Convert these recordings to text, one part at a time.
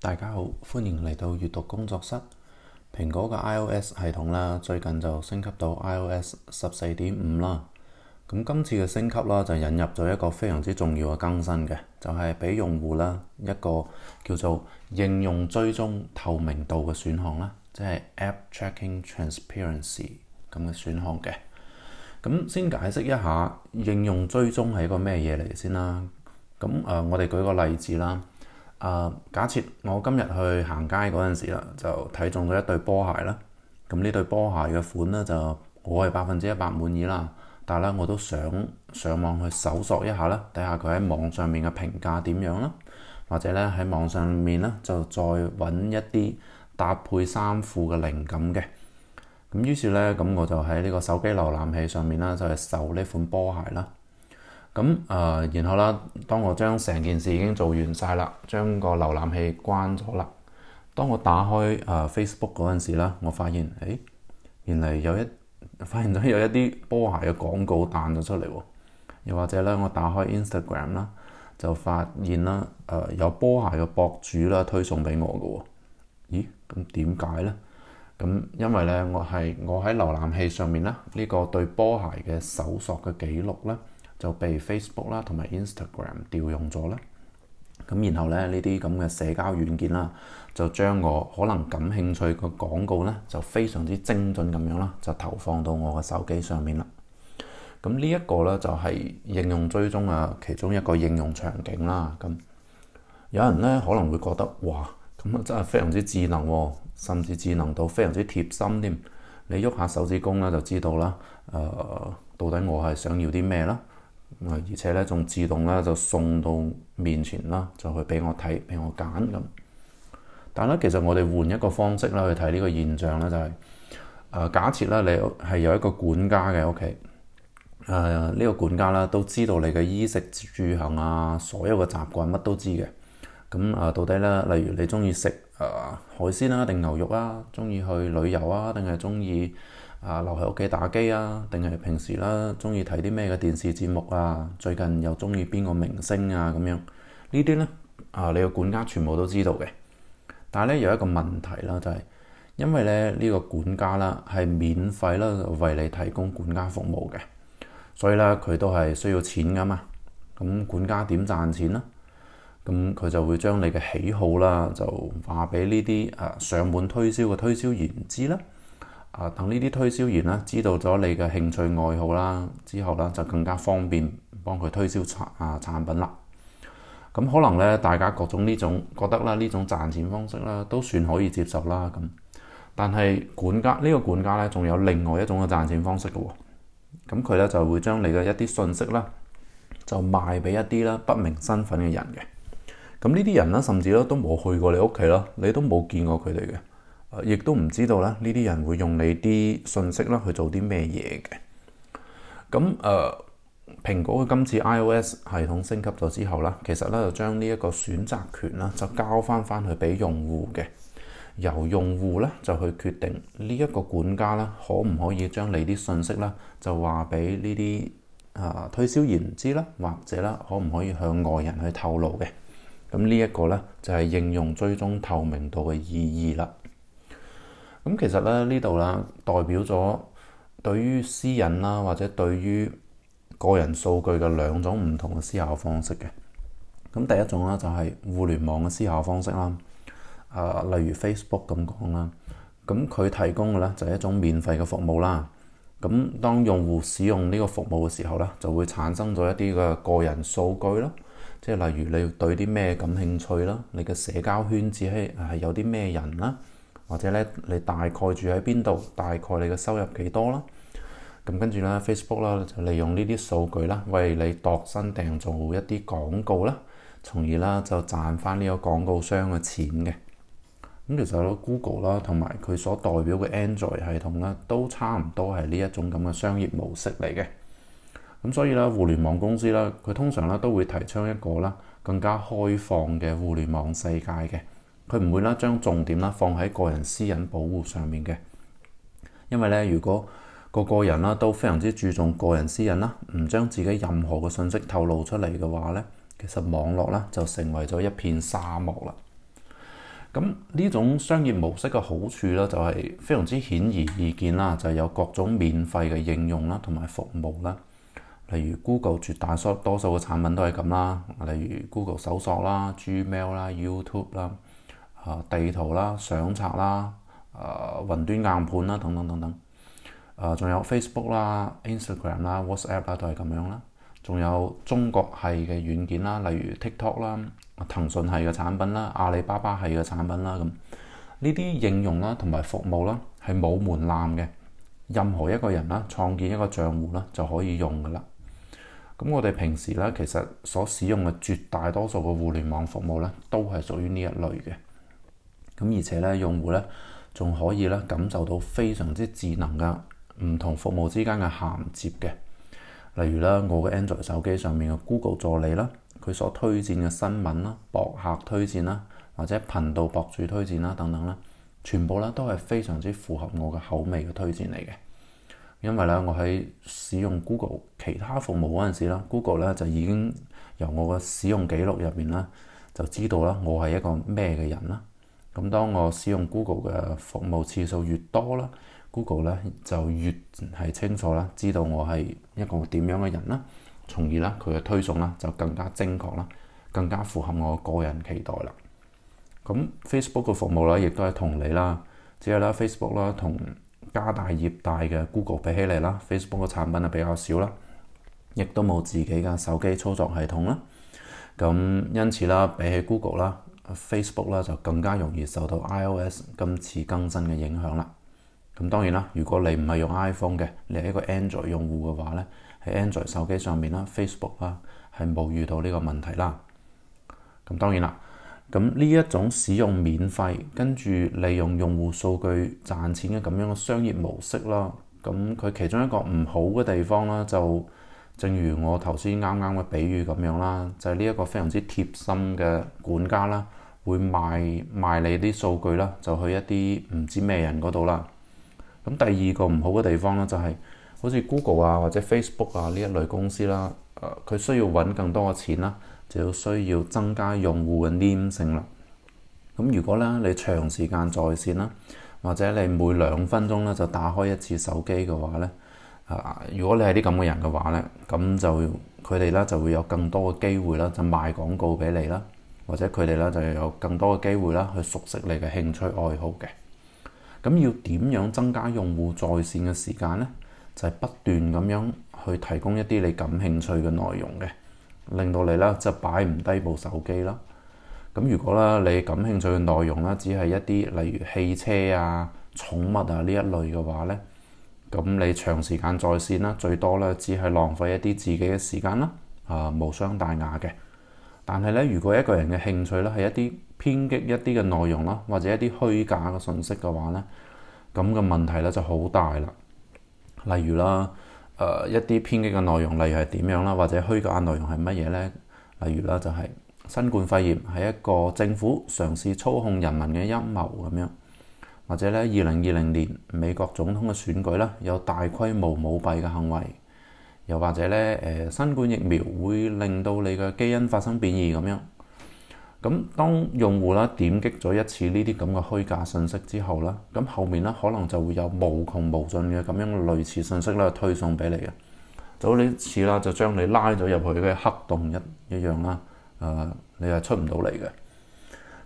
大家好，歡迎嚟到閱讀工作室。蘋果嘅 iOS 系統啦，最近就升級到 iOS 十四點五啦。咁今次嘅升級啦，就引入咗一個非常之重要嘅更新嘅，就係俾用戶啦一個叫做應用追蹤透明度嘅選項啦，即係 App Tracking Transparency 咁嘅選項嘅。咁先解釋一下應用追蹤係一個咩嘢嚟先啦。咁誒，我哋舉個例子啦。誒，uh, 假設我今日去行街嗰陣時啦，就睇中咗一對波鞋啦。咁呢對波鞋嘅款呢，就我係百分之一百滿意啦。但係咧，我都想上網去搜索一下啦，睇下佢喺網上面嘅評價點樣啦，或者咧喺網上面咧就再揾一啲搭配衫褲嘅靈感嘅。咁於是呢，咁我就喺呢個手機瀏覽器上面啦，就係搜呢款波鞋啦。咁誒、呃，然後啦，當我將成件事已經做完晒啦，將個瀏覽器關咗啦。當我打開誒、呃、Facebook 嗰陣時啦，我發現誒原來有一發現咗有一啲波鞋嘅廣告彈咗出嚟喎、哦。又或者咧，我打開 Instagram 啦，就發現啦誒、呃、有波鞋嘅博主啦推送俾我嘅、哦。咦？咁點解咧？咁因為咧，我係我喺瀏覽器上面啦，呢、這個對波鞋嘅搜索嘅記錄咧。就被 Facebook 啦同埋 Instagram 調用咗啦，咁然後咧呢啲咁嘅社交軟件啦，就將我可能感興趣嘅廣告咧，就非常之精準咁樣啦，就投放到我嘅手機上面啦。咁呢一個咧就係應用追蹤啊，其中一個應用場景啦。咁有人咧可能會覺得哇，咁啊真係非常之智能喎，甚至智能到非常之貼心添。你喐下手指公咧，就知道啦，誒、呃、到底我係想要啲咩啦？而且咧，仲自動咧就送到面前啦，就去俾我睇，俾我揀咁。但係咧，其實我哋換一個方式啦去睇呢個現象咧，就係、是、啊、呃，假設咧你係有一個管家嘅屋企，誒、okay, 呢、呃呢個管家啦都知道你嘅衣食住行啊，所有嘅習慣乜都知嘅。咁、嗯、啊、呃，到底咧，例如你中意食啊海鮮啊、定牛肉啊，中意去旅遊啊，定係中意？啊，留喺屋企打機啊，定係平時啦，中意睇啲咩嘅電視節目啊？最近又中意邊個明星啊？咁樣呢啲呢，啊，你嘅管家全部都知道嘅。但係咧，有一個問題啦，就係因為咧呢個管家啦係免費啦為你提供管家服務嘅，所以咧佢都係需要錢噶嘛。咁管家點賺錢呢啊？咁佢就會將你嘅喜好啦，就話俾呢啲啊上門推銷嘅推銷員知啦。啊，等呢啲推銷員啦，知道咗你嘅興趣愛好啦，之後咧就更加方便幫佢推銷產啊產品啦。咁、啊、可能咧，大家各種呢種覺得啦，呢種賺錢方式啦，都算可以接受啦。咁，但係管、呢個、管家呢個管家咧，仲有另外一種嘅賺錢方式嘅喎、哦。咁佢咧就會將你嘅一啲信息啦，就賣俾一啲啦不明身份嘅人嘅。咁呢啲人咧，甚至咧都冇去過你屋企啦，你都冇見過佢哋嘅。亦都唔知道咧，呢啲人會用你啲信息啦去做啲咩嘢嘅。咁誒，蘋、呃、果佢今次 iOS 系統升級咗之後啦，其實咧就將呢一個選擇權啦，就交翻翻去俾用戶嘅，由用戶咧就去決定呢一個管家啦，可唔可以將你啲信息啦就話俾、呃、呢啲啊推銷員知啦，或者啦可唔可以向外人去透露嘅？咁呢一個咧就係、是、應用追蹤透明度嘅意義啦。咁其實咧呢度啦，代表咗對於私隱啦，或者對於個人數據嘅兩種唔同嘅思考方式嘅。咁第一種咧就係、是、互聯網嘅思考方式啦。啊，例如 Facebook 咁講啦，咁、啊、佢提供嘅咧就係、是、一種免費嘅服務啦。咁、啊、當用戶使用呢個服務嘅時候咧，就會產生咗一啲嘅個人數據啦。即、啊、係例如你對啲咩感興趣啦，你嘅社交圈子係係有啲咩人啦。或者咧，你大概住喺邊度，大概你嘅收入幾多啦？咁跟住咧，Facebook 啦就利用呢啲數據啦，為你度身訂做一啲廣告啦，從而啦就賺翻呢個廣告商嘅錢嘅。咁其實 Google 啦同埋佢所代表嘅 Android 系統啦，都差唔多係呢一種咁嘅商業模式嚟嘅。咁所以咧，互聯網公司啦，佢通常咧都會提倡一個啦，更加開放嘅互聯網世界嘅。佢唔會啦，將重點啦放喺個人私隱保護上面嘅，因為咧，如果個個人啦都非常之注重個人私隱啦，唔將自己任何嘅信息透露出嚟嘅話咧，其實網絡啦就成為咗一片沙漠啦。咁呢種商業模式嘅好處咧，就係非常之顯而易見啦，就有各種免費嘅應用啦，同埋服務啦，例如 Google 絕大多數嘅產品都係咁啦，例如 Google 搜索啦、Gmail 啦、YouTube 啦。啊，地圖啦、相冊啦、啊、呃、雲端硬盤啦，等等等等。啊、呃，仲有 Facebook 啦、Instagram 啦、WhatsApp 啦，都係咁樣啦。仲有中國系嘅軟件啦，例如 TikTok 啦、騰訊系嘅產品啦、阿里巴巴系嘅產品啦，咁呢啲應用啦同埋服務啦係冇門檻嘅，任何一個人啦創建一個賬戶啦就可以用噶啦。咁我哋平時咧，其實所使用嘅絕大多數嘅互聯網服務咧，都係屬於呢一類嘅。咁而且咧，用戶咧仲可以咧感受到非常之智能嘅唔同服務之間嘅銜接嘅，例如啦，我嘅 Android 手機上面嘅 Google 助理啦，佢所推薦嘅新聞啦、博客推薦啦，或者頻道博主推薦啦等等啦，全部咧都係非常之符合我嘅口味嘅推薦嚟嘅。因為咧，我喺使用 Google 其他服務嗰陣時啦，Google 咧就已經由我嘅使用記錄入面咧就知道啦，我係一個咩嘅人啦。咁當我使用 Google 嘅服務次數越多啦，Google 咧就越係清楚啦，知道我係一個點樣嘅人啦，從而咧佢嘅推送咧就更加精確啦，更加符合我個人期待啦。咁 Facebook 嘅服務咧，亦都係同理啦，只係啦 Facebook 啦，同家大業大嘅 Google 比起嚟啦，Facebook 嘅產品啊比較少啦，亦都冇自己嘅手機操作系統啦。咁因此啦，比起 Google 啦。Facebook 啦就更加容易受到 iOS 今次更新嘅影響啦。咁當然啦，如果你唔係用 iPhone 嘅，你係一個 Android 用戶嘅話咧，喺 Android 手機上面啦，Facebook 啦係冇遇到呢個問題啦。咁當然啦，咁呢一種使用免費跟住利用用戶數據賺錢嘅咁樣嘅商業模式啦，咁佢其中一個唔好嘅地方啦，就。正如我頭先啱啱嘅比喻咁樣啦，就係呢一個非常之貼心嘅管家啦，會賣賣你啲數據啦，就去一啲唔知咩人嗰度啦。咁第二個唔好嘅地方咧、就係，就係好似 Google 啊或者 Facebook 啊呢一類公司啦，佢、呃、需要揾更多嘅錢啦，就要需要增加用戶嘅黏性啦。咁如果咧你長時間在線啦，或者你每兩分鐘咧就打開一次手機嘅話咧，啊！如果你係啲咁嘅人嘅話咧，咁就佢哋咧就會有更多嘅機會啦，就賣廣告俾你啦，或者佢哋咧就有更多嘅機會啦，去熟悉你嘅興趣愛好嘅。咁要點樣增加用戶在線嘅時間呢？就係不斷咁樣去提供一啲你感興趣嘅內容嘅，令到你咧就擺唔低部手機啦。咁如果咧你感興趣嘅內容咧只係一啲例如汽車啊、寵物啊呢一類嘅話呢。咁你長時間在線啦，最多咧只係浪費一啲自己嘅時間啦，啊、呃、無傷大雅嘅。但係咧，如果一個人嘅興趣咧係一啲偏激一啲嘅內容啦，或者一啲虛假嘅信息嘅話咧，咁嘅問題咧就好大啦。例如啦，誒、呃、一啲偏激嘅內容，例如係點樣啦，或者虛假嘅內容係乜嘢咧？例如啦，就係新冠肺炎係一個政府嘗試操控人民嘅陰謀咁樣。或者咧，二零二零年美國總統嘅選舉啦，有大規模舞弊嘅行為；又或者咧，誒、呃、新冠疫苗會令到你嘅基因發生變異咁樣。咁、嗯、當用戶啦點擊咗一次呢啲咁嘅虛假信息之後啦，咁、嗯、後面咧可能就會有無窮無盡嘅咁樣類似信息啦推送俾你嘅。就好似啦，就將你拉咗入去嘅黑洞一一樣啦，誒、呃、你係出唔到嚟嘅。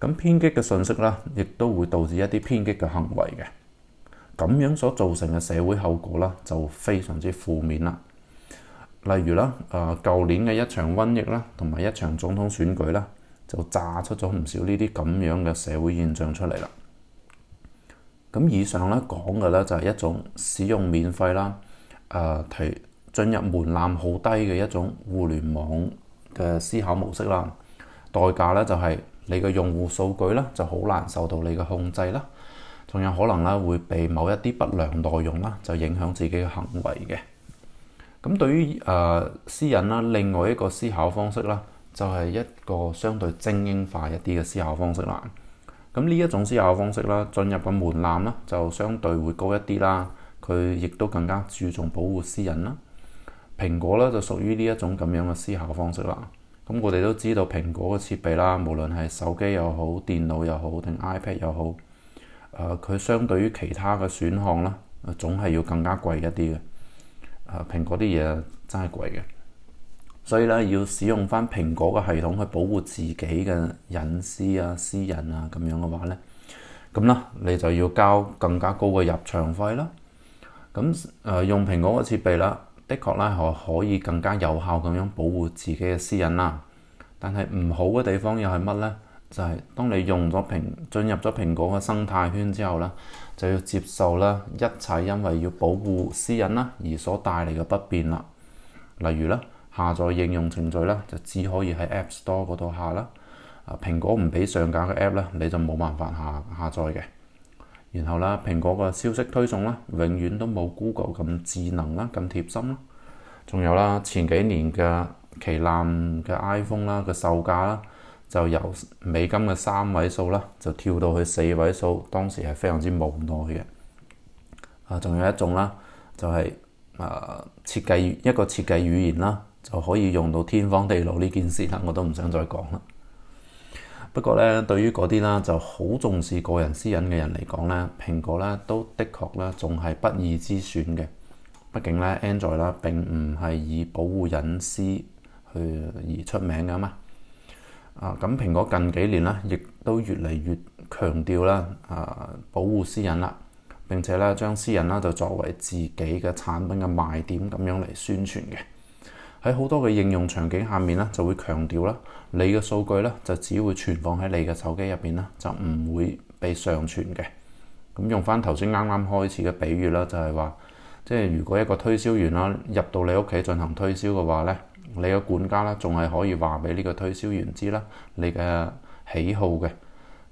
咁偏激嘅信息啦，亦都會導致一啲偏激嘅行為嘅。咁樣所造成嘅社會後果啦，就非常之負面啦。例如啦，誒、呃、舊年嘅一場瘟疫啦，同埋一場總統選舉啦，就炸出咗唔少呢啲咁樣嘅社會現象出嚟啦。咁、嗯、以上咧講嘅咧就係一種使用免費啦，誒、呃、提進入門檻好低嘅一種互聯網嘅思考模式啦，代價咧就係、是。你嘅用戶數據啦，就好難受到你嘅控制啦，仲有可能咧會被某一啲不良內容啦，就影響自己嘅行為嘅。咁對於誒、呃、私隱啦，另外一個思考方式啦，就係、是、一個相對精英化一啲嘅思考方式啦。咁呢一種思考方式啦，進入個門檻啦，就相對會高一啲啦。佢亦都更加注重保護私隱啦。蘋果咧就屬於呢一種咁樣嘅思考方式啦。咁我哋都知道蘋果嘅設備啦，無論係手機又好、電腦又好、定 iPad 又好，誒、呃，佢相對於其他嘅選項啦，總係要更加貴一啲嘅。誒、呃，蘋果啲嘢真係貴嘅，所以咧要使用翻蘋果嘅系統去保護自己嘅隱私啊、私隱啊咁樣嘅話咧，咁啦，你就要交更加高嘅入場費啦。咁誒、呃，用蘋果嘅設備啦。的確啦，可可以更加有效咁樣保護自己嘅私隱啦。但係唔好嘅地方又係乜呢？就係當你用咗蘋進入咗蘋果嘅生態圈之後咧，就要接受啦一切因為要保護私隱啦而所帶嚟嘅不便啦。例如啦，下載應用程序啦，就只可以喺 App Store 度下啦。啊，蘋果唔俾上架嘅 App 咧，你就冇辦法下下載嘅。然後啦，蘋果嘅消息推送啦，永遠都冇 Google 咁智能啦，咁貼心啦。仲有啦，前幾年嘅旗艦嘅 iPhone 啦嘅售價啦，就由美金嘅三位數啦，就跳到去四位數，當時係非常之無奈嘅。啊，仲有一種啦，就係、是、啊、呃、設計一個設計語言啦，就可以用到天荒地老呢件事啦，我都唔想再講啦。不過咧，對於嗰啲啦就好重視個人私隱嘅人嚟講咧，蘋果咧都的確咧仲係不二之選嘅。畢竟咧，Android 啦並唔係以保護隱私去而出名㗎嘛。啊，咁蘋果近幾年咧，亦都越嚟越強調啦，啊保護私隱啦，並且咧將私隱啦就作為自己嘅產品嘅賣點咁樣嚟宣傳嘅。喺好多嘅應用場景下面咧，就會強調啦，你嘅數據咧就只會存放喺你嘅手機入邊啦，就唔會被上傳嘅。咁用翻頭先啱啱開始嘅比喻啦，就係話，即係如果一個推銷員啦入到你屋企進行推銷嘅話咧，你嘅管家啦仲係可以話俾呢個推銷員知啦，你嘅喜好嘅。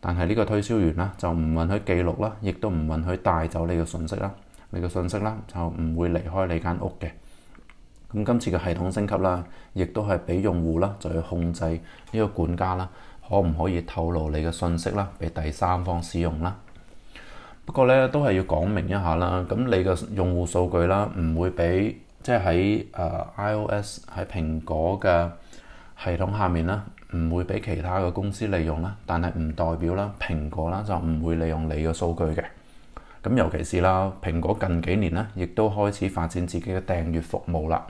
但係呢個推銷員啦就唔允許記錄啦，亦都唔允許帶走你嘅信息啦，你嘅信息啦就唔會離開你間屋嘅。咁今次嘅系統升級啦，亦都係俾用戶啦，就去控制呢個管家啦，可唔可以透露你嘅信息啦，俾第三方使用啦？不過咧，都係要講明一下啦。咁你嘅用戶數據啦，唔會俾，即係喺誒 iOS 喺蘋果嘅系統下面啦，唔會俾其他嘅公司利用啦。但係唔代表啦，蘋果啦就唔會利用你嘅數據嘅。咁尤其是啦，蘋果近幾年咧，亦都開始發展自己嘅訂閱服務啦。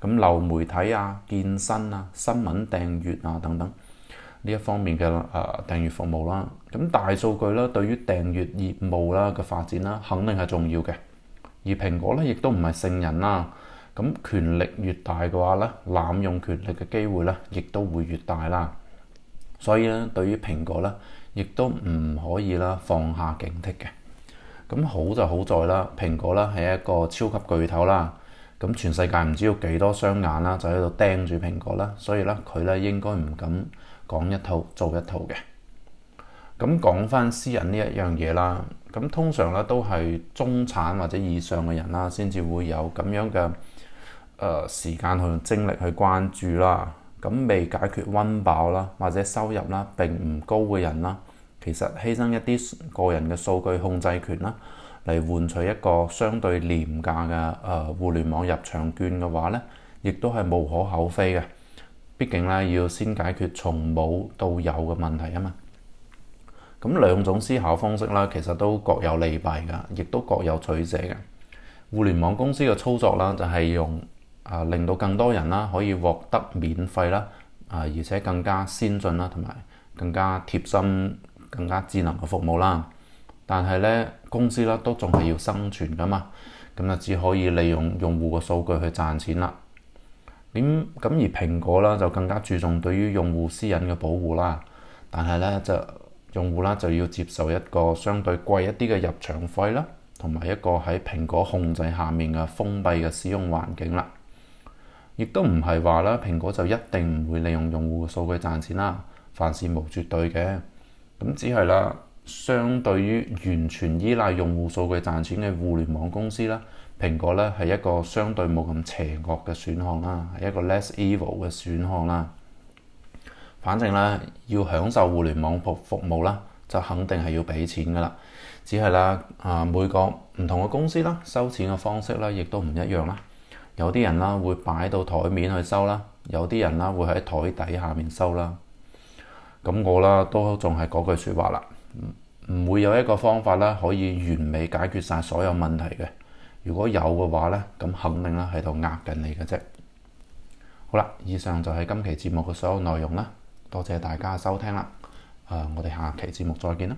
咁流媒體啊、健身啊、新聞訂閱啊，等等呢一方面嘅誒訂閱服務啦，咁大數據啦，對於訂閱業務啦嘅發展啦，肯定係重要嘅。而蘋果咧，亦都唔係聖人啦。咁權力越大嘅話咧，濫用權力嘅機會咧，亦都會越大啦。所以咧，對於蘋果咧，亦都唔可以啦放下警惕嘅。咁好就好在啦，蘋果咧係一個超級巨頭啦。咁全世界唔知道幾多雙眼啦，就喺度盯住蘋果啦，所以咧佢咧應該唔敢講一套做一套嘅。咁講翻私隱呢一樣嘢啦，咁通常咧都係中產或者以上嘅人啦，先至會有咁樣嘅誒時間去用精力去關注啦。咁未解決温飽啦，或者收入啦並唔高嘅人啦，其實犧牲一啲個人嘅數據控制權啦。嚟換取一個相對廉價嘅誒互聯網入場券嘅話呢，亦都係無可厚非嘅。畢竟呢，要先解決從冇到有嘅問題啊嘛。咁、嗯、兩種思考方式啦，其實都各有利弊噶，亦都各有取捨嘅。互聯網公司嘅操作啦，就係用啊令到更多人啦可以獲得免費啦啊，而且更加先進啦，同埋更加貼心、更加智能嘅服務啦。但係咧，公司啦都仲係要生存噶嘛，咁就只可以利用用戶嘅數據去賺錢啦。咁咁而蘋果啦就更加注重對於用戶私隱嘅保護啦，但係咧就用戶啦就要接受一個相對貴一啲嘅入場費啦，同埋一個喺蘋果控制下面嘅封閉嘅使用環境啦。亦都唔係話啦，蘋果就一定唔會利用用戶嘅數據賺錢啦。凡事冇絕對嘅，咁只係啦。相對於完全依賴用戶數據賺錢嘅互聯網公司啦，蘋果咧係一個相對冇咁邪惡嘅選項啦，係一個 less evil 嘅選項啦。反正咧要享受互聯網服服務啦，就肯定係要俾錢噶啦。只係啦啊，每個唔同嘅公司啦，收錢嘅方式啦，亦都唔一樣啦。有啲人啦會擺到台面去收啦，有啲人啦會喺台底下面收啦。咁我啦都仲係嗰句説話啦。唔唔會有一個方法啦，可以完美解決曬所有問題嘅。如果有嘅話咧，咁肯定啦喺度，壓緊你嘅啫。好啦，以上就係今期節目嘅所有內容啦。多謝大家收聽啦。誒、呃，我哋下期節目再見啦。